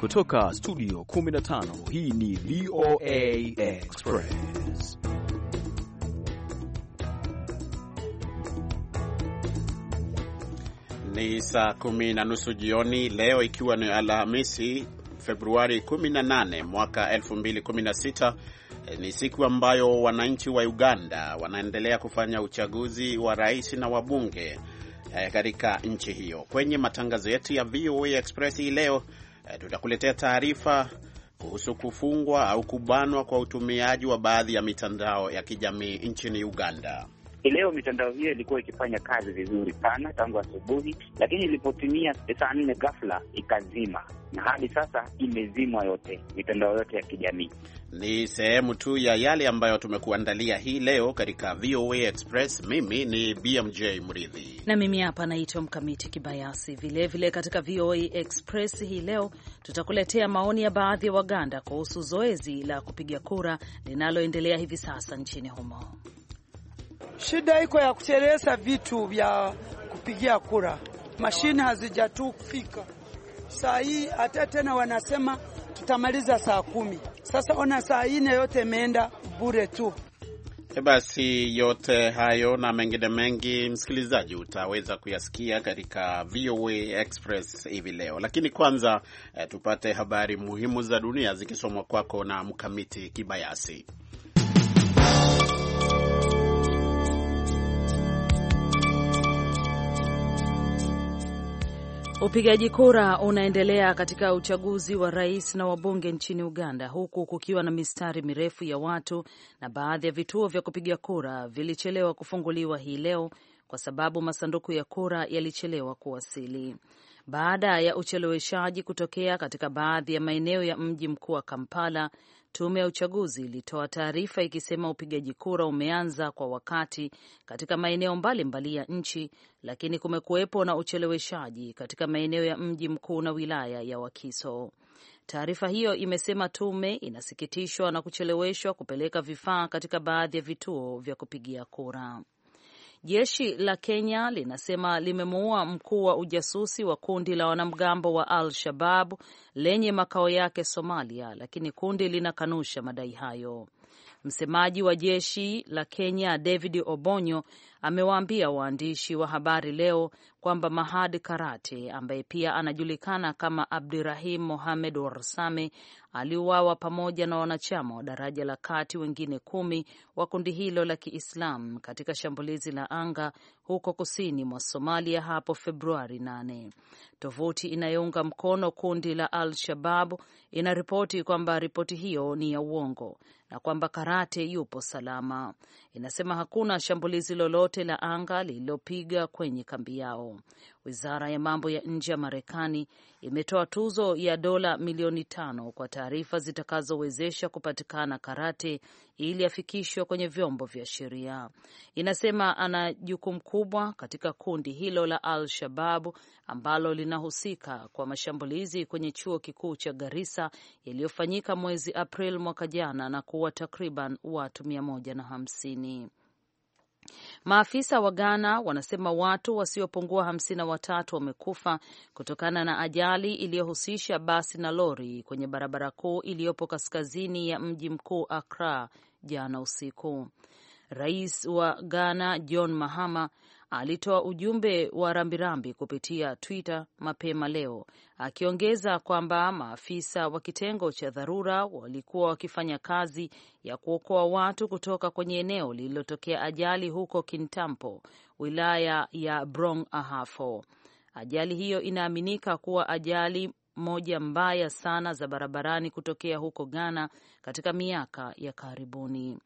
Kutoka studio 15 hii ni VOA Express. Ni saa kumi na nusu jioni leo, ikiwa ni Alhamisi Februari 18 mwaka 2016. E, ni siku ambayo wananchi wa Uganda wanaendelea kufanya uchaguzi wa rais na wabunge e, katika nchi hiyo. Kwenye matangazo yetu ya VOA Express hii leo Eh, tutakuletea taarifa kuhusu kufungwa au kubanwa kwa utumiaji wa baadhi ya mitandao ya kijamii nchini Uganda. Leo mitandao hiyo ilikuwa ikifanya kazi vizuri sana tangu asubuhi, lakini ilipotimia saa nne ghafla ikazima, na hadi sasa imezimwa yote, mitandao yote ya kijamii ni sehemu tu ya yale ambayo tumekuandalia hii leo katika VOA Express. Mimi ni BMJ Mridhi na mimi hapa naitwa Mkamiti Kibayasi. Vilevile katika VOA Express hii leo tutakuletea maoni ya baadhi ya Waganda kuhusu zoezi la kupiga kura linaloendelea hivi sasa nchini humo. Shida iko ya kuchelewesha vitu vya kupigia kura, mashine hazijatufika saa hii, hata tena wanasema tutamaliza saa kumi. Sasa ona saa ine yote imeenda bure tu. E basi yote hayo na mengine mengi, msikilizaji, utaweza kuyasikia katika VOA Express hivi leo, lakini kwanza eh, tupate habari muhimu za dunia zikisomwa kwako na Mkamiti Kibayasi. Upigaji kura unaendelea katika uchaguzi wa rais na wabunge nchini Uganda, huku kukiwa na mistari mirefu ya watu na baadhi ya vituo vya kupiga kura vilichelewa kufunguliwa hii leo kwa sababu masanduku ya kura yalichelewa kuwasili. Baada ya ucheleweshaji kutokea katika baadhi ya maeneo ya mji mkuu wa Kampala, Tume ya uchaguzi ilitoa taarifa ikisema upigaji kura umeanza kwa wakati katika maeneo mbalimbali ya nchi, lakini kumekuwepo na ucheleweshaji katika maeneo ya mji mkuu na wilaya ya Wakiso. Taarifa hiyo imesema tume inasikitishwa na kucheleweshwa kupeleka vifaa katika baadhi ya vituo vya kupigia kura. Jeshi la Kenya linasema limemuua mkuu wa ujasusi wa kundi la wanamgambo wa Al Shabab lenye makao yake Somalia, lakini kundi linakanusha madai hayo. Msemaji wa jeshi la Kenya David Obonyo amewaambia waandishi wa habari leo kwamba Mahad Karate ambaye pia anajulikana kama Abdirahim Mohamed Warsame aliuawa pamoja na wanachama wa daraja la kati wengine kumi wa kundi hilo la Kiislam katika shambulizi la anga huko kusini mwa Somalia hapo Februari 8. Tovuti inayounga mkono kundi la Al shababu inaripoti kwamba ripoti hiyo ni ya uongo na kwamba Karate yupo salama. Inasema hakuna shambulizi lolote lolote la anga lililopiga kwenye kambi yao. Wizara ya mambo ya nje ya Marekani imetoa tuzo ya dola milioni tano kwa taarifa zitakazowezesha kupatikana Karate ili afikishwe kwenye vyombo vya sheria. Inasema ana jukumu kubwa katika kundi hilo la Al Shababu ambalo linahusika kwa mashambulizi kwenye chuo kikuu cha Garissa yaliyofanyika mwezi April mwaka jana na kuua takriban watu hamsini Maafisa wa Ghana wanasema watu wasiopungua hamsini na watatu wamekufa kutokana na ajali iliyohusisha basi na lori kwenye barabara kuu iliyopo kaskazini ya mji mkuu Accra jana usiku. Rais wa Ghana John Mahama alitoa ujumbe wa rambirambi kupitia Twitter mapema leo, akiongeza kwamba maafisa wa kitengo cha dharura walikuwa wakifanya kazi ya kuokoa watu kutoka kwenye eneo lililotokea ajali huko Kintampo, wilaya ya Brong Ahafo. Ajali hiyo inaaminika kuwa ajali moja mbaya sana za barabarani kutokea huko Ghana katika miaka ya karibuni.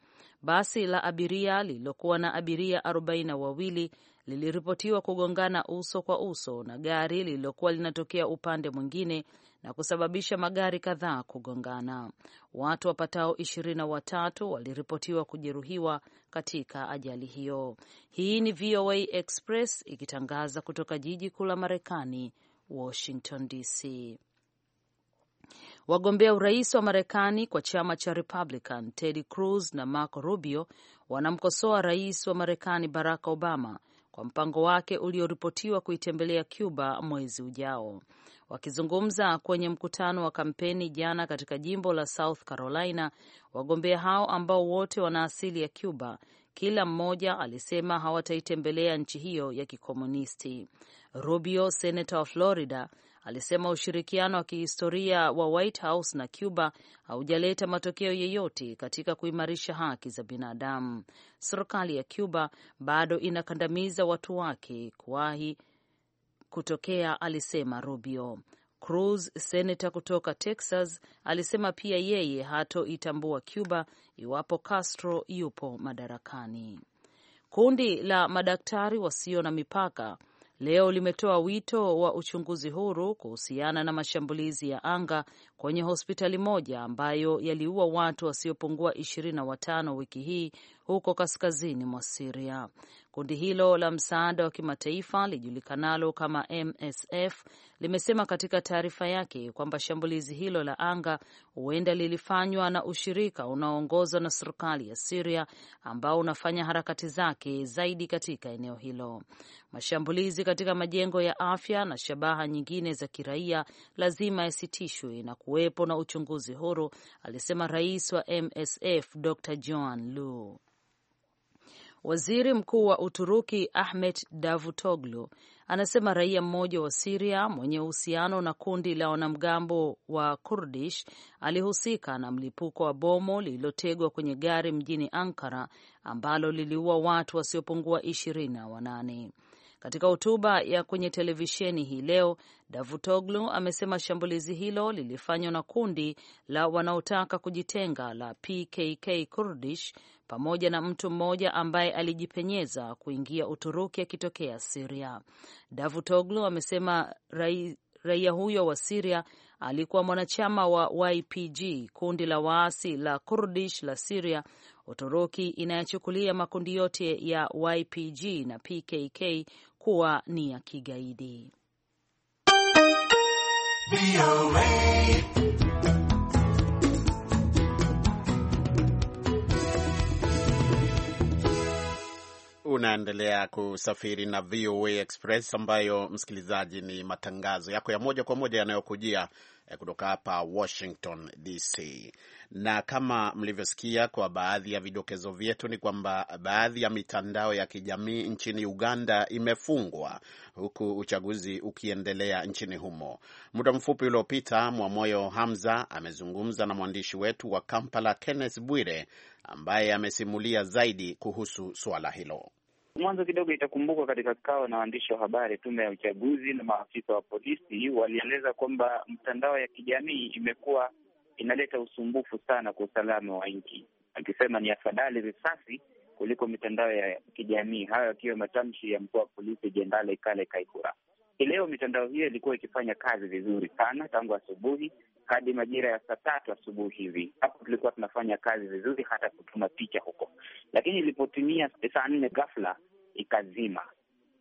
Basi la abiria lililokuwa na abiria arobaini na wawili liliripotiwa kugongana uso kwa uso na gari lililokuwa linatokea upande mwingine na kusababisha magari kadhaa kugongana. Watu wapatao ishirini na watatu waliripotiwa kujeruhiwa katika ajali hiyo. Hii ni VOA Express ikitangaza kutoka jiji kuu la Marekani, Washington DC. Wagombea urais wa Marekani kwa chama cha Republican Ted Cruz na Marco Rubio wanamkosoa rais wa Marekani Barack Obama kwa mpango wake ulioripotiwa kuitembelea Cuba mwezi ujao. Wakizungumza kwenye mkutano wa kampeni jana katika jimbo la South Carolina, wagombea hao ambao wote wana asili ya Cuba, kila mmoja alisema hawataitembelea nchi hiyo ya kikomunisti. Rubio, senata wa Florida, alisema ushirikiano wa kihistoria wa White House na Cuba haujaleta matokeo yeyote katika kuimarisha haki za binadamu. Serikali ya Cuba bado inakandamiza watu wake kuwahi kutokea, alisema Rubio. Cruz, senata kutoka Texas, alisema pia yeye hatoitambua Cuba iwapo Castro yupo madarakani. Kundi la madaktari wasio na mipaka leo limetoa wito wa uchunguzi huru kuhusiana na mashambulizi ya anga kwenye hospitali moja ambayo yaliua watu wasiopungua ishirini na watano wiki hii huko kaskazini mwa Siria. Kundi hilo la msaada wa kimataifa lijulikanalo kama MSF limesema katika taarifa yake kwamba shambulizi hilo la anga huenda lilifanywa na ushirika unaoongozwa na serikali ya Siria ambao unafanya harakati zake zaidi katika eneo hilo. Mashambulizi katika majengo ya afya na shabaha nyingine za kiraia lazima yasitishwe na kuwepo na uchunguzi huru, alisema rais wa MSF Dr Joan Lu. Waziri Mkuu wa Uturuki Ahmet Davutoglu anasema raia mmoja wa Siria mwenye uhusiano na kundi la wanamgambo wa Kurdish alihusika na mlipuko wa bomu lililotegwa kwenye gari mjini Ankara ambalo liliua watu wasiopungua ishirini na wanane. Katika hotuba ya kwenye televisheni hii leo, Davutoglu amesema shambulizi hilo lilifanywa na kundi la wanaotaka kujitenga la PKK Kurdish pamoja na mtu mmoja ambaye alijipenyeza kuingia Uturuki akitokea Siria. Davutoglu amesema rai, raia huyo wa Siria alikuwa mwanachama wa YPG, kundi la waasi la Kurdish la Siria. Uturuki inayachukulia makundi yote ya YPG na PKK kuwa ni ya kigaidi. Unaendelea kusafiri na VOA Express ambayo msikilizaji, ni matangazo yako ya moja kwa moja yanayokujia Eh, kutoka hapa Washington DC. Na kama mlivyosikia kwa baadhi ya vidokezo vyetu, ni kwamba baadhi ya mitandao ya kijamii nchini Uganda imefungwa huku uchaguzi ukiendelea nchini humo. Muda mfupi uliopita, Mwamoyo Hamza amezungumza na mwandishi wetu wa Kampala, Kenneth Bwire, ambaye amesimulia zaidi kuhusu suala hilo. Mwanzo kidogo itakumbukwa katika kikao na waandishi wa habari, tume ya uchaguzi na maafisa wa polisi walieleza kwamba mtandao ya kijamii imekuwa inaleta usumbufu sana kwa usalama wa nchi, akisema ni afadhali risasi kuliko mitandao ya kijamii. Hayo yakiwa matamshi ya mkuu wa polisi Jenerali Kale Kaihura. Hii leo mitandao hiyo ilikuwa ikifanya kazi vizuri sana tangu asubuhi, hadi majira ya saa tatu asubuhi hivi. Hapo tulikuwa tunafanya kazi vizuri, hata kutuma picha huko, lakini ilipotimia saa nne ghafla ikazima,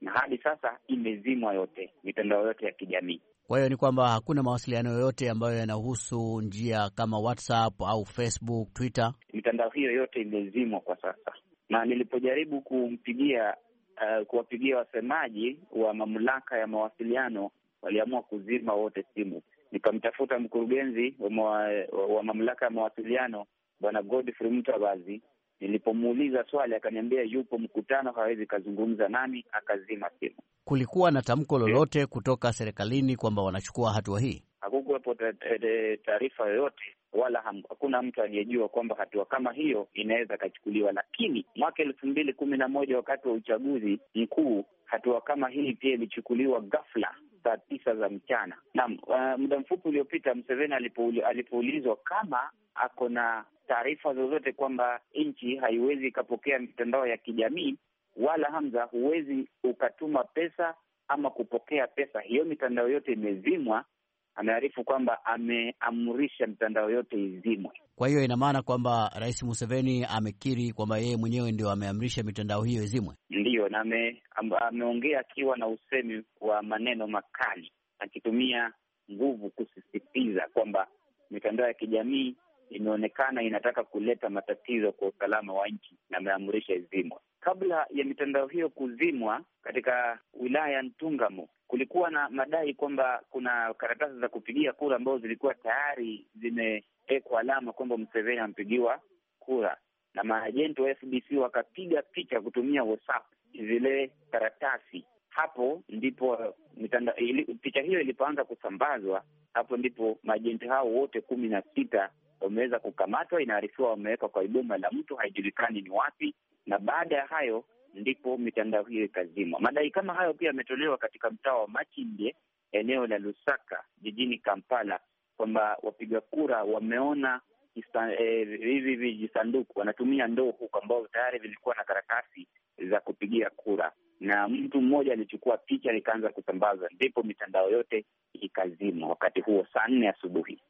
na hadi sasa imezimwa yote mitandao yote ya kijamii. Kwa hiyo ni kwamba hakuna mawasiliano yoyote ambayo yanahusu njia kama WhatsApp au Facebook, Twitter. Mitandao hiyo yote imezimwa kwa sasa, na nilipojaribu kumpigia uh, kuwapigia wasemaji wa mamlaka ya mawasiliano waliamua kuzima wote simu nikamtafuta mkurugenzi wa, wa mamlaka ya mawasiliano Bwana Godfrey Mtabazi. Nilipomuuliza swali akaniambia yupo mkutano, hawezi kazungumza nami, akazima simu. Kulikuwa na tamko eh. lolote yeah, kutoka serikalini kwamba wanachukua hatua wa hii? Hakukuwepo taarifa yoyote wala hakuna mtu aliyejua kwamba hatua kama hiyo inaweza kachukuliwa. lakini mwaka elfu mbili kumi na moja wakati wa uchaguzi mkuu hatua kama hii pia ilichukuliwa ghafla saa tisa za mchana. Naam, uh, muda mfupi uliopita Mseveni alipoulizwa kama ako na taarifa zozote kwamba nchi haiwezi ikapokea mitandao ya kijamii wala Hamza, huwezi ukatuma pesa ama kupokea pesa, hiyo mitandao yote imezimwa amearifu kwamba ameamrisha mitandao yote izimwe. Kwa hiyo ina maana kwamba Rais Museveni amekiri kwamba yeye mwenyewe ndio ameamrisha mitandao hiyo izimwe, ndiyo, na ameongea akiwa na usemi wa maneno makali, akitumia nguvu kusisitiza kwamba mitandao ya kijamii imeonekana inataka kuleta matatizo kwa usalama wa nchi na ameamrisha izimwe. Kabla ya mitandao hiyo kuzimwa katika wilaya ya Ntungamo, kulikuwa na madai kwamba kuna karatasi za kupigia kura ambazo zilikuwa tayari zimewekwa alama kwamba Mseveni ampigiwa kura, na maajenti wa FBC wakapiga picha kutumia WhatsApp zile karatasi. Hapo ndipo ili, picha hiyo ilipoanza kusambazwa. Hapo ndipo maajenti hao wote kumi na sita wameweza kukamatwa, inaarifiwa wamewekwa kwa iboma la mtu, haijulikani ni wapi, na baada ya hayo ndipo mitandao hiyo ikazimwa. Madai kama hayo pia yametolewa katika mtaa wa Makindye, eneo la Lusaka jijini Kampala, kwamba wapiga kura wameona eh, hivi vijisanduku, wanatumia ndoo huku, ambao tayari vilikuwa na karatasi za kupigia kura, na mtu mmoja alichukua picha likaanza kusambazwa ndipo mitandao yote ikazimwa wakati huo saa nne asubuhi.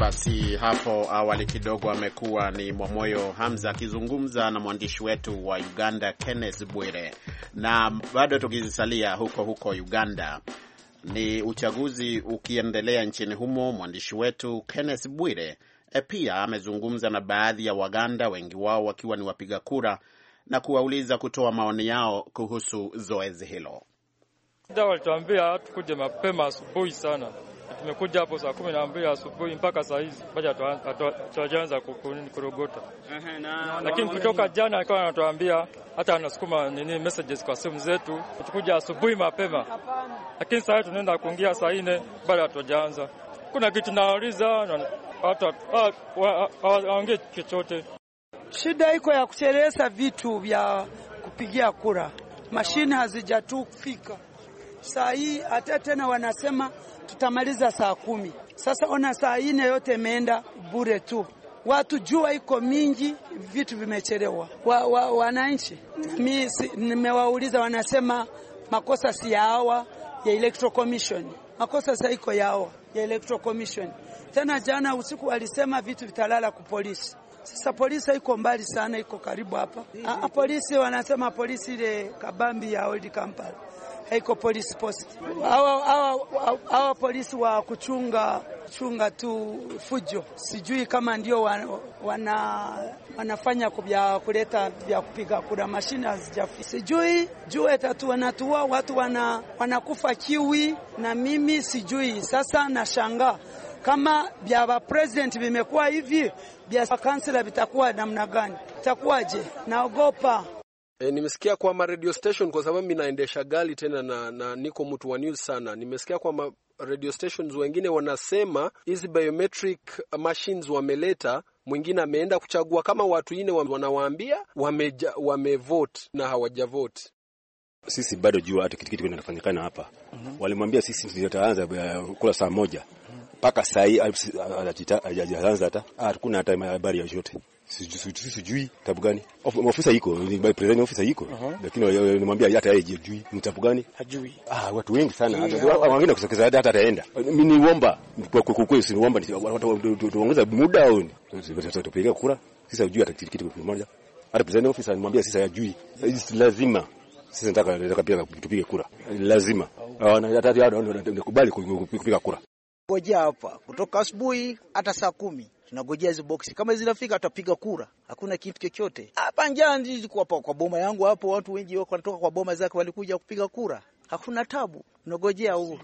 Basi hapo awali kidogo amekuwa ni Mwamoyo Hamza akizungumza na mwandishi wetu wa Uganda Kenneth Bwire. Na bado tukizisalia huko huko Uganda, ni uchaguzi ukiendelea nchini humo, mwandishi wetu Kenneth Bwire e pia amezungumza na baadhi ya Waganda, wengi wao wakiwa ni wapiga kura, na kuwauliza kutoa maoni yao kuhusu zoezi hilo. Walituambia tukuje mapema asubuhi sana Tumekuja hapo saa kumi na mbili asubuhi mpaka saa hizi baada tujaanza kurogota, lakini kutoka jana alikuwa anatuambia hata anasukuma nini messages kwa simu zetu tukuja asubuhi mapema, lakini saa hii tunaenda kuingia saa nne baada hatujaanza. Kuna kitu nauliza hata ah, ah, ah, aongee chochote. Shida iko ya kuchelesa vitu vya kupigia kura, mashine hazijatufika saa hii, hata tena wanasema tutamaliza saa kumi. Sasa ona, saa ine yote imeenda bure tu. Watu jua iko mingi, vitu vimechelewa. wa, wa, wananchi mi si, nimewauliza wanasema makosa si ya hawa ya Electoral Commission, makosa sa iko ya hawa ya Electoral Commission. Tena jana usiku walisema vitu vitalala ku polisi. Sasa polisi iko mbali sana, iko karibu hapa. Polisi wanasema polisi ile kabambi ya Old Kampala haiko polisi post Hawa polisi wa kuchunga chunga tu fujo, sijui kama ndio wana, wanafanya kubya kuleta vya kupiga kura, mashine hazijafi, sijui juu etatu wanatua watu wana, wanakufa kiwi, na mimi sijui sasa, nashangaa kama vya ba president vimekuwa hivi, vya kansela vitakuwa namna gani? Itakuwaje? Naogopa. E, nimesikia kwa ma radio station kwa sababu mimi naendesha gari tena na, na niko mtu wa news sana. Nimesikia kwa ma radio stations wengine wanasema hizi biometric machines wameleta mwingine ameenda kuchagua kama watu wengine wanawaambia wameja, wamevote na hawajavote. Sisi bado jua hata kitu kitu kinafanyikana hapa. mm -hmm. Walimwambia sisi tutaanza eh, kula saa moja mhm. mpaka mm -hmm. saa hii ah, ah, ah, hajaanza hata hakuna hata habari yoyote sijui tabu gani ofisa iko presiding iko lakini nimwambia hata yeye hajui ni tabu gani hajui. Ah, watu wengi sana wengine kusokeza hata ataenda. Mimi niomba kwa kweli, si niomba tuongeza muda au ni kura sisi, hujui hata kitu kimoja. Hata nimwambia sisi hajui, lazima sisi nataka nataka pia tupige kura, lazima hata kupiga kura. Ngoja hapa kutoka asubuhi hata saa kumi tunagojea hizo boksi, kama zinafika tutapiga kura. Hakuna kitu chochote hapa. Njaa ndizi kwa, kwa boma yangu hapo, watu wengi wanatoka kwa boma zake walikuja kupiga kura. Hakuna tabu, tunagojea huo.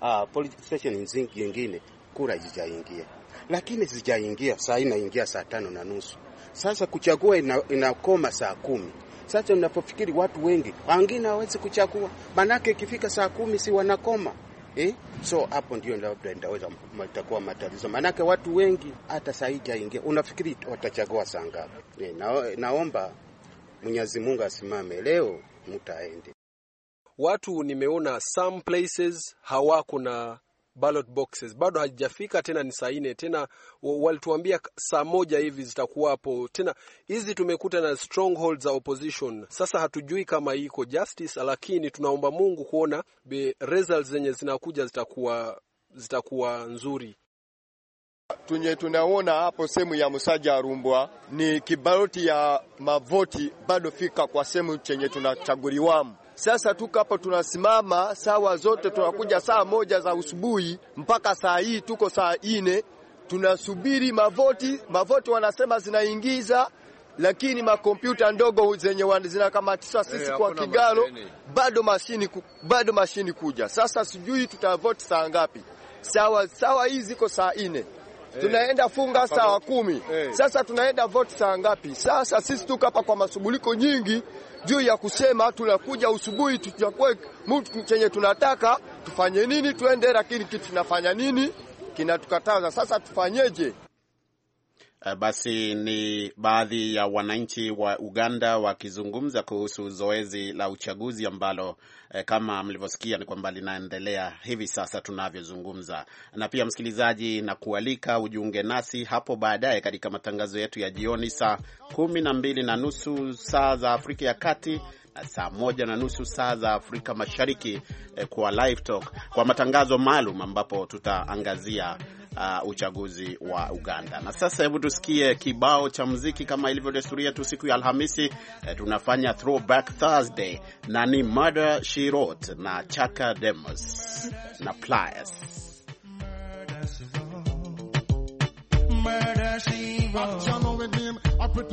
Ah, police station nzingi nyingine kura zijaingia, lakini zijaingia saa hii, inaingia saa tano na nusu. Sasa kuchagua ina, inakoma saa kumi. Sasa unapofikiri watu wengi wengine hawezi kuchagua, manake ikifika saa kumi si wanakoma eh? So hapo ndio labda ndaweza matakuwa matatizo, maanake watu wengi hata ainge, unafikiri watachagua saa ngapi? Eh, na, naomba Mwenyezi Mungu asimame leo mtaende. Watu nimeona some places hawako na ballot boxes bado hajafika tena, ni saa nne tena, walituambia saa moja hivi zitakuwapo tena. Hizi tumekuta na strongholds za opposition. Sasa hatujui kama iko justice, lakini tunaomba Mungu kuona results zenye zinakuja zitakuwa zitakuwa nzuri. Tunye tunaona hapo sehemu ya Musaja Rumbwa ni kibaloti ya mavoti bado fika kwa sehemu chenye tunachaguliwamu sasa tuko hapa tunasimama sawa zote, tunakuja saa moja za usubuhi mpaka saa hii tuko saa ine tunasubiri mavoti. Mavoti wanasema zinaingiza, lakini makompyuta ndogo zenye zinakamatisha eh, sisi hey, kwa kigalo mashini. Bado mashini, bado mashini kuja. Sasa sijui tutavoti saa ngapi? Sawa sawa, hii ziko saa ine. Eh. Tunaenda funga saa kumi hey. Eh. Sasa tunaenda vote saa ngapi? Sasa sisi tuko hapa kwa masubuliko nyingi juu ya kusema tunakuja usubuhi tuchukue mtu chenye tunataka tufanye nini tuende, lakini kitu tunafanya nini kinatukataza. Sasa tufanyeje? Eh, basi ni baadhi ya wananchi wa Uganda wakizungumza kuhusu zoezi la uchaguzi ambalo eh, kama mlivyosikia ni kwamba linaendelea hivi sasa tunavyozungumza. Na pia msikilizaji, na kualika ujiunge nasi hapo baadaye katika matangazo yetu ya jioni saa kumi na mbili na nusu saa za Afrika ya Kati na saa moja na nusu saa za Afrika Mashariki eh, kwa live talk, kwa matangazo maalum ambapo tutaangazia uh, uchaguzi wa Uganda. Na sasa hebu tusikie kibao cha muziki kama ilivyo desturi yetu siku ya Alhamisi, eh, tunafanya throwback Thursday na ni Murder She Wrote na Chaka Demos na Pliers. Murder she wrote. Action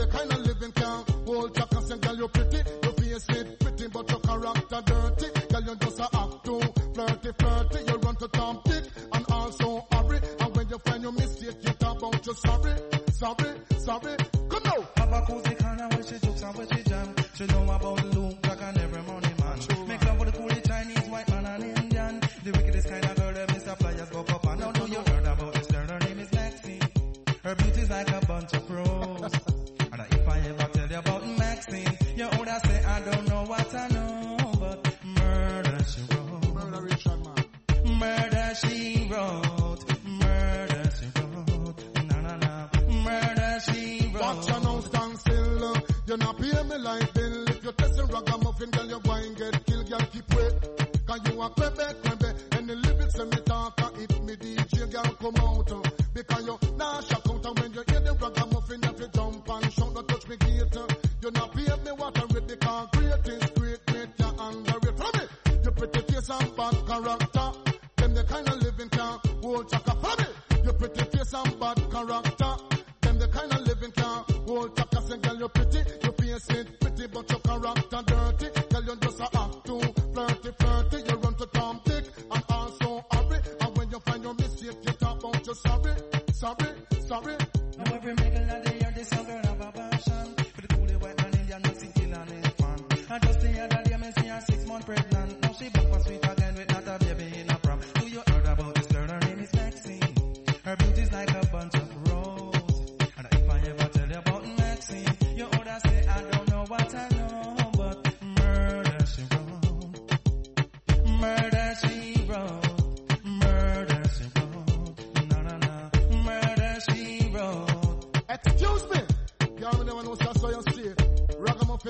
the kind of living can't hold back and say, girl, you're pretty. Your face is pretty, but your character dirty. Girl, you are just a act too flirty, flirty. You run to Tom Dick and also hurry. And when you find your mistake, you talk about your sorry, sorry, sorry. Loving girl, your wine get killed, girl keep wait. Cause you a Quebec story. Now every nigga that they hear this young girl have a passion. For the cool white man, Indian, no see kill and man. I just the other day, me see her six month pregnant. Now she back for sweet again with not a baby in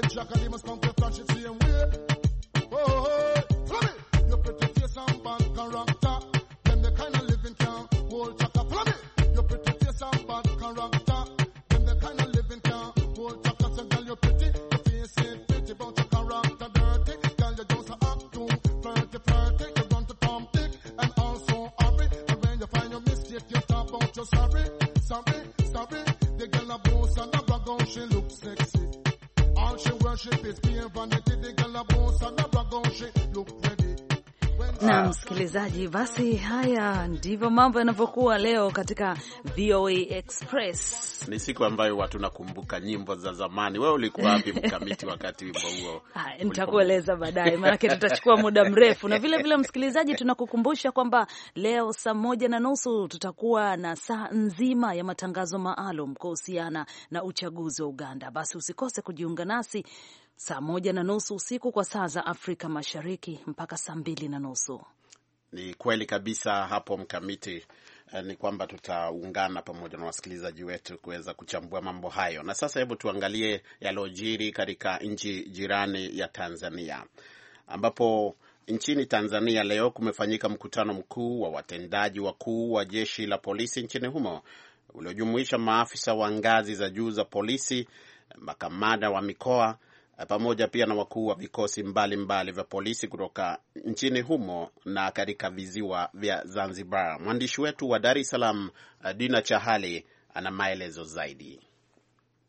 If it's Jack, they must come to flash it same way. Oh, oh, oh. Follow me. Your pretty face and bad character. Them the kind of living can hold chaka. Uh, follow me. Your pretty face and bad character. Them the kind of living can hold chaka. So girl, you pretty. Your face ain't pretty, but your character dirty. Girl, you don't act too flirty, flirty. You want to come thick and also hurry. And when you find your mistake, you talk about your sorry, sorry, sorry. The girl a boss and a brag on, she looks sexy crochet. Face me vanity, the gal a and a Look na msikilizaji, basi haya ndivyo mambo yanavyokuwa leo katika VOA Express. Ni siku ambayo watu nakumbuka nyimbo za zamani. Wewe ulikuwa wapi mkamiti wakati wimbo huo? Nitakueleza baadaye, maanake tutachukua muda mrefu. Na vile vile, msikilizaji, tunakukumbusha kwamba leo saa moja na nusu tutakuwa na saa nzima ya matangazo maalum kuhusiana na uchaguzi wa Uganda. Basi usikose kujiunga nasi saa moja na nusu usiku kwa saa za Afrika Mashariki mpaka saa mbili na nusu. Ni kweli kabisa hapo Mkamiti, eh, ni kwamba tutaungana pamoja na wasikilizaji wetu kuweza kuchambua mambo hayo. Na sasa hebu tuangalie yaliyojiri katika nchi jirani ya Tanzania, ambapo nchini Tanzania leo kumefanyika mkutano mkuu wa watendaji wakuu wa jeshi la polisi nchini humo uliojumuisha maafisa wa ngazi za juu za polisi, makamanda wa mikoa Eh, pamoja pia na wakuu wa vikosi mbalimbali vya polisi kutoka nchini humo na katika viziwa vya Zanzibar. Mwandishi wetu wa Dar es Salaam, eh, Dina Chahali, ana maelezo zaidi.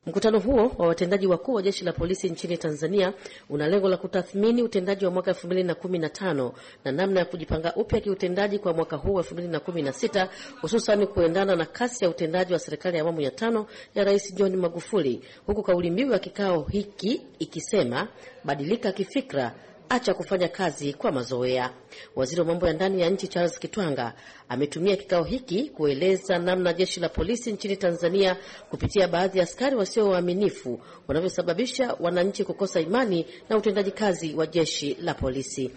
Mkutano huo wa watendaji wakuu wa jeshi la polisi nchini Tanzania una lengo la kutathmini utendaji wa mwaka 2015 na namna ya kujipanga upya kiutendaji kwa mwaka huu wa 2016 hususani kuendana na kasi ya utendaji wa serikali ya awamu ya tano ya Rais John Magufuli, huku kauli mbiu ya kikao hiki ikisema badilika kifikra acha kufanya kazi kwa mazoea. Waziri wa mambo ya ndani ya nchi Charles Kitwanga ametumia kikao hiki kueleza namna jeshi la polisi nchini Tanzania kupitia baadhi ya askari wasio waaminifu wanavyosababisha wananchi kukosa imani na utendaji kazi wa jeshi la polisi.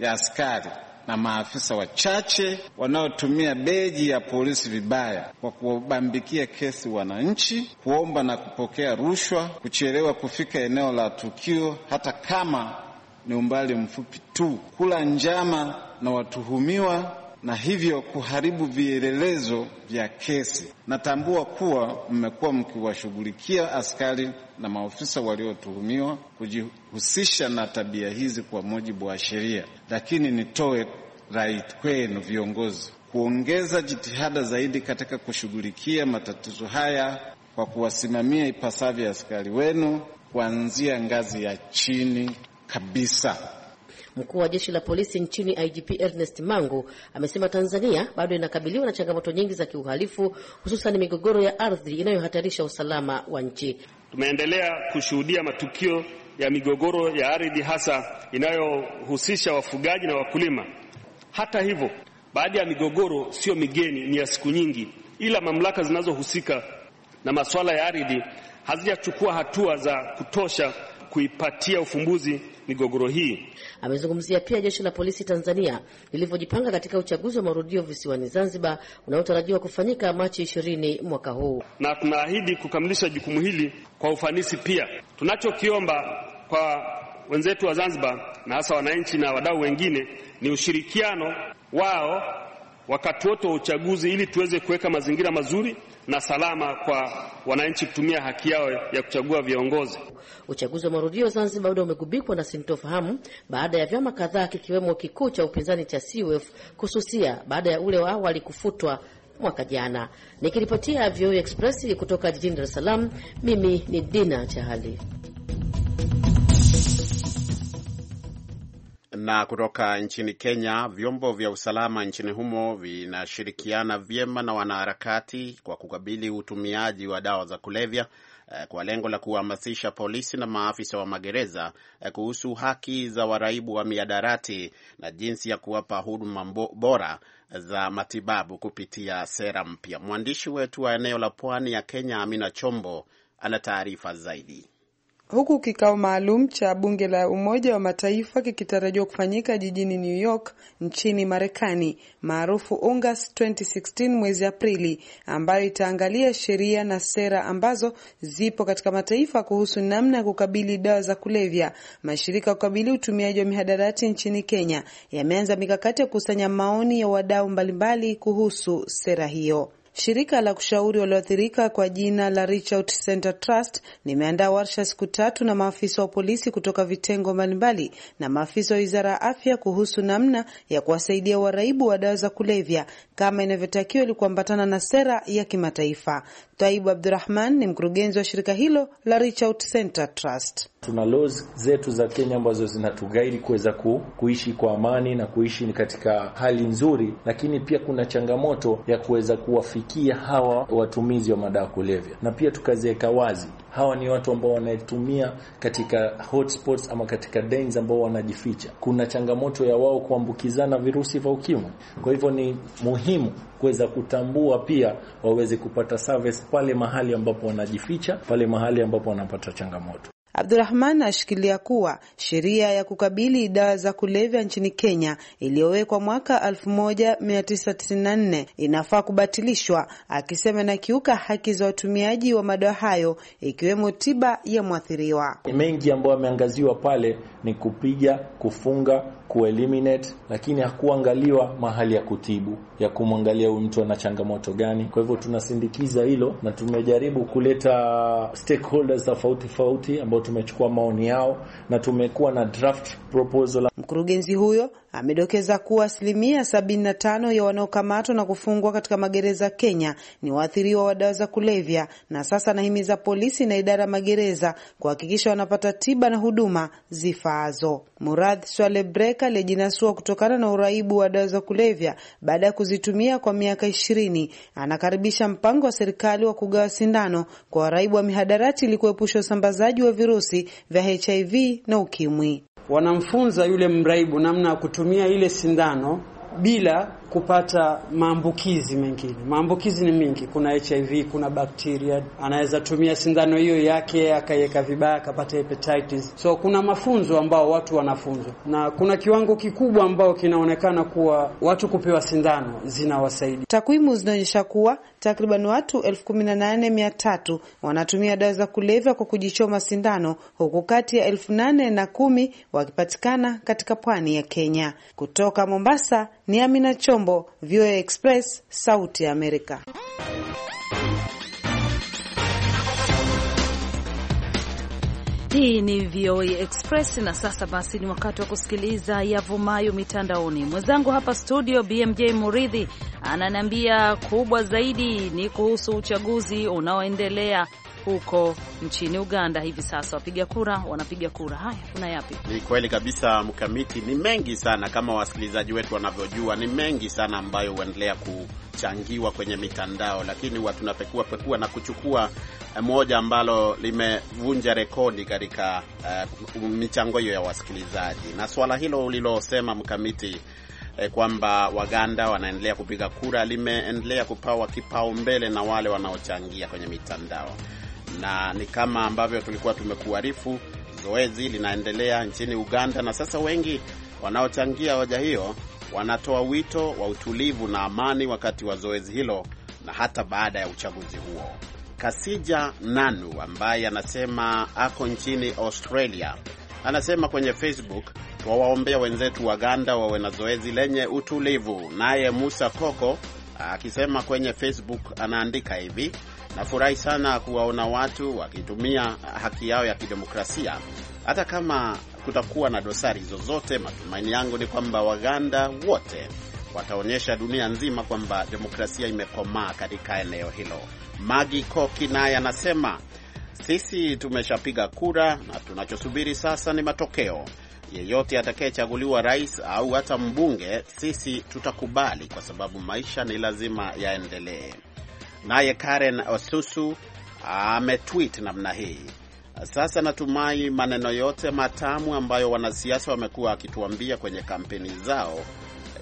Ya askari na maafisa wachache wanaotumia beji ya polisi vibaya kwa kuwabambikia kesi wananchi, kuomba na kupokea rushwa, kuchelewa kufika eneo la tukio hata kama ni umbali mfupi tu, kula njama na watuhumiwa na hivyo kuharibu vielelezo vya kesi. Natambua kuwa mmekuwa mkiwashughulikia askari na maofisa waliotuhumiwa kujihusisha na tabia hizi kwa mujibu wa sheria, lakini nitoe rai kwenu viongozi kuongeza jitihada zaidi katika kushughulikia matatizo haya kwa kuwasimamia ipasavyo askari wenu kuanzia ngazi ya chini kabisa. Mkuu wa jeshi la polisi nchini IGP Ernest Mangu amesema Tanzania bado inakabiliwa na changamoto nyingi za kiuhalifu, hususan migogoro ya ardhi inayohatarisha usalama wa nchi. Tumeendelea kushuhudia matukio ya migogoro ya ardhi, hasa inayohusisha wafugaji na wakulima. Hata hivyo, baadhi ya migogoro siyo migeni, ni ya siku nyingi, ila mamlaka zinazohusika na masuala ya ardhi hazijachukua hatua za kutosha kuipatia ufumbuzi migogoro hii. Amezungumzia pia jeshi la polisi Tanzania lilivyojipanga katika uchaguzi wa marudio visiwani Zanzibar unaotarajiwa kufanyika Machi ishirini mwaka huu, na tunaahidi kukamilisha jukumu hili kwa ufanisi. Pia tunachokiomba kwa wenzetu wa Zanzibar na hasa wananchi na wadau wengine ni ushirikiano wao wakati wote wa uchaguzi ili tuweze kuweka mazingira mazuri na salama kwa wananchi kutumia haki yao ya kuchagua viongozi. Uchaguzi wa marudio Zanzibar bado umegubikwa na sintofahamu baada ya vyama kadhaa kikiwemo kikuu cha upinzani cha CUF kususia baada ya ule wa awali kufutwa mwaka jana. Nikiripotia VOA e Express kutoka jijini Dar es Salaam, mimi ni Dina Chahali. Na kutoka nchini Kenya, vyombo vya usalama nchini humo vinashirikiana vyema na wanaharakati kwa kukabili utumiaji wa dawa za kulevya eh, kwa lengo la kuhamasisha polisi na maafisa wa magereza eh, kuhusu haki za waraibu wa miadarati na jinsi ya kuwapa huduma bora eh, za matibabu kupitia sera mpya. Mwandishi wetu wa eneo la pwani ya Kenya, Amina Chombo, ana taarifa zaidi huku kikao maalum cha bunge la Umoja wa Mataifa kikitarajiwa kufanyika jijini New York nchini Marekani, maarufu Ungas 2016 mwezi Aprili, ambayo itaangalia sheria na sera ambazo zipo katika mataifa kuhusu namna ya kukabili dawa za kulevya. Mashirika ya kukabili utumiaji wa mihadarati nchini Kenya yameanza mikakati ya kukusanya maoni ya wadau mbalimbali kuhusu sera hiyo. Shirika la kushauri walioathirika kwa jina la Reach Out Center Trust limeandaa warsha siku tatu na maafisa wa polisi kutoka vitengo mbalimbali na maafisa wa wizara ya afya kuhusu namna ya kuwasaidia waraibu wa dawa za kulevya kama inavyotakiwa ili kuambatana na sera ya kimataifa. Taibu Abdurahman ni mkurugenzi wa shirika hilo la Reach Out Center Trust. Tuna laws zetu za Kenya ambazo zinatugaidi kuweza ku, kuishi kwa amani na kuishi katika hali nzuri, lakini pia kuna changamoto ya kuweza kuwafikia kuwafikia hawa watumizi wa madawa kulevya, na pia tukaziweka wazi hawa ni watu ambao wanatumia katika hotspots ama katika dens ambao wanajificha. Kuna changamoto ya wao kuambukizana virusi vya ukimwi, kwa hivyo ni muhimu kuweza kutambua pia waweze kupata service pale mahali ambapo wanajificha, pale mahali ambapo wanapata changamoto. Abdurahman ashikilia kuwa sheria ya kukabili dawa za kulevya nchini Kenya iliyowekwa mwaka 1994 inafaa kubatilishwa, akisema inakiuka haki za watumiaji wa madawa hayo ikiwemo tiba ya mwathiriwa. Mengi ambayo ameangaziwa pale ni kupiga, kufunga kueliminate, lakini hakuangaliwa mahali ya kutibu, ya kumwangalia huyu mtu ana changamoto gani. Kwa hivyo tunasindikiza hilo na tumejaribu kuleta stakeholders tofauti tofauti ambao tumechukua maoni yao na tumekuwa na draft proposal. Mkurugenzi huyo amedokeza kuwa asilimia 75 ya wanaokamatwa na kufungwa katika magereza Kenya ni waathiriwa wa dawa za kulevya, na sasa anahimiza polisi na idara ya magereza kuhakikisha wanapata tiba na huduma zifaazo. Murad Swale Brek aliyejinasua kutokana na uraibu wa dawa za kulevya baada ya kuzitumia kwa miaka ishirini anakaribisha mpango wa serikali wa kugawa sindano kwa waraibu wa mihadarati ili kuepusha usambazaji wa virusi vya HIV na ukimwi wanamfunza yule mraibu namna ya kutumia ile sindano bila kupata maambukizi mengine. Maambukizi ni mingi, kuna HIV, kuna bakteria. Anaweza tumia sindano hiyo yake akaiweka vibaya, akapata hepatitis. So kuna mafunzo ambao watu wanafunzwa, na kuna kiwango kikubwa ambao kinaonekana kuwa watu kupewa sindano zinawasaidia. Takwimu zinaonyesha kuwa takriban watu elfu kumi na nane mia tatu wanatumia dawa za kulevya kwa kujichoma sindano, huku kati ya elfu nane na kumi wakipatikana katika pwani ya Kenya. Kutoka Mombasa ni Amina Cho Chombo, VOA Express, Sauti ya Amerika. Hii ni VOA Express na sasa basi ni wakati wa kusikiliza yavumayo mitandaoni. Mwenzangu hapa studio BMJ Muridhi ananiambia kubwa zaidi ni kuhusu uchaguzi unaoendelea huko nchini Uganda hivi sasa. Wapiga kura wanapiga kura. Haya, kuna yapi? Ni kweli kabisa Mkamiti, ni mengi sana kama wasikilizaji wetu wanavyojua, ni mengi sana ambayo huendelea ku changiwa kwenye mitandao, lakini huwa tunapekua pekua na kuchukua eh, moja ambalo limevunja rekodi katika uh, michango hiyo ya wasikilizaji, na swala hilo ulilosema Mkamiti eh, kwamba Waganda wanaendelea kupiga kura limeendelea kupawa kipaumbele na wale wanaochangia kwenye mitandao na ni kama ambavyo tulikuwa tumekuarifu, zoezi linaendelea nchini Uganda, na sasa wengi wanaochangia hoja hiyo wanatoa wito wa utulivu na amani wakati wa zoezi hilo na hata baada ya uchaguzi huo. Kasija Nanu ambaye anasema ako nchini Australia anasema kwenye Facebook, twawaombea wenzetu Waganda wawe na zoezi lenye utulivu. Naye Musa Koko akisema kwenye Facebook anaandika hivi: Nafurahi sana kuwaona watu wakitumia haki yao ya kidemokrasia hata kama kutakuwa na dosari zozote. Matumaini yangu ni kwamba Waganda wote wataonyesha dunia nzima kwamba demokrasia imekomaa katika eneo hilo. Magi Koki naye anasema sisi tumeshapiga kura na tunachosubiri sasa ni matokeo. Yeyote atakayechaguliwa rais au hata mbunge, sisi tutakubali kwa sababu maisha ni lazima yaendelee. Naye Karen Osusu ametweet namna hii: sasa natumai maneno yote matamu ambayo wanasiasa wamekuwa wakituambia kwenye kampeni zao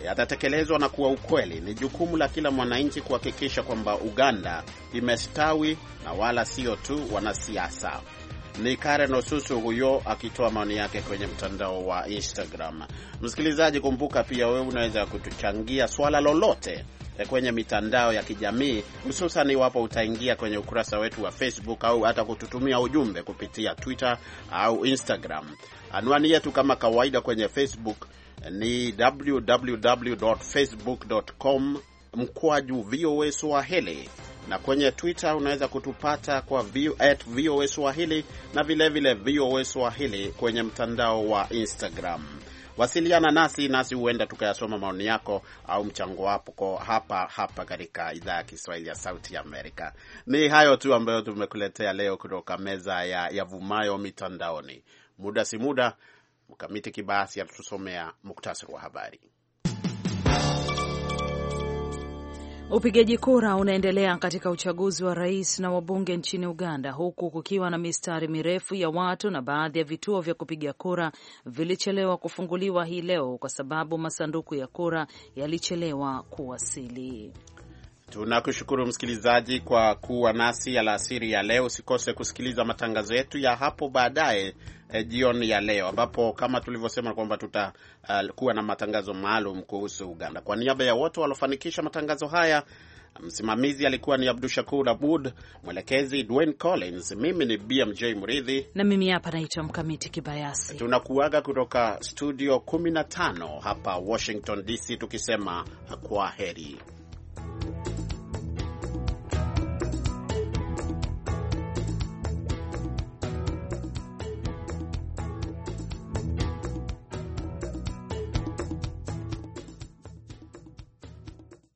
yatatekelezwa na kuwa ukweli. Ni jukumu la kila mwananchi kuhakikisha kwamba Uganda imestawi na wala sio tu wanasiasa. Ni Karen Osusu huyo akitoa maoni yake kwenye mtandao wa Instagram. Msikilizaji, kumbuka pia wewe unaweza kutuchangia swala lolote Eh, kwenye mitandao ya kijamii, hususan iwapo utaingia kwenye ukurasa wetu wa Facebook au hata kututumia ujumbe kupitia Twitter au Instagram. Anwani yetu kama kawaida kwenye Facebook eh, ni www.facebook.com mkwaju VOA Swahili na kwenye Twitter unaweza kutupata kwa at VOA Swahili na vilevile VOA Swahili kwenye mtandao wa Instagram. Wasiliana nasi nasi, huenda tukayasoma maoni yako au mchango wako hapa hapa katika idhaa ya Kiswahili ya Sauti ya Amerika. Ni hayo tu ambayo tumekuletea leo kutoka meza ya yavumayo mitandaoni. Muda si muda, Mkamiti Kibayasi atusomea muktasari wa habari. Upigaji kura unaendelea katika uchaguzi wa rais na wabunge nchini Uganda, huku kukiwa na mistari mirefu ya watu na baadhi ya vituo vya kupiga kura vilichelewa kufunguliwa hii leo kwa sababu masanduku ya kura yalichelewa kuwasili. Tunakushukuru msikilizaji kwa kuwa nasi alasiri ya leo. Usikose kusikiliza matangazo yetu ya hapo baadaye e, jioni ya leo, ambapo kama tulivyosema kwamba tutakuwa eh, uh, na matangazo maalum kuhusu Uganda. Kwa niaba ya wote waliofanikisha matangazo haya, msimamizi alikuwa ni Abdu Shakur Abud, mwelekezi Dwayne Collins, mimi ni BMJ Mridhi na mimi hapa naitwa Mkamiti Kibayasi. Tunakuaga kutoka studio 15 hapa Washington DC, tukisema kwa heri.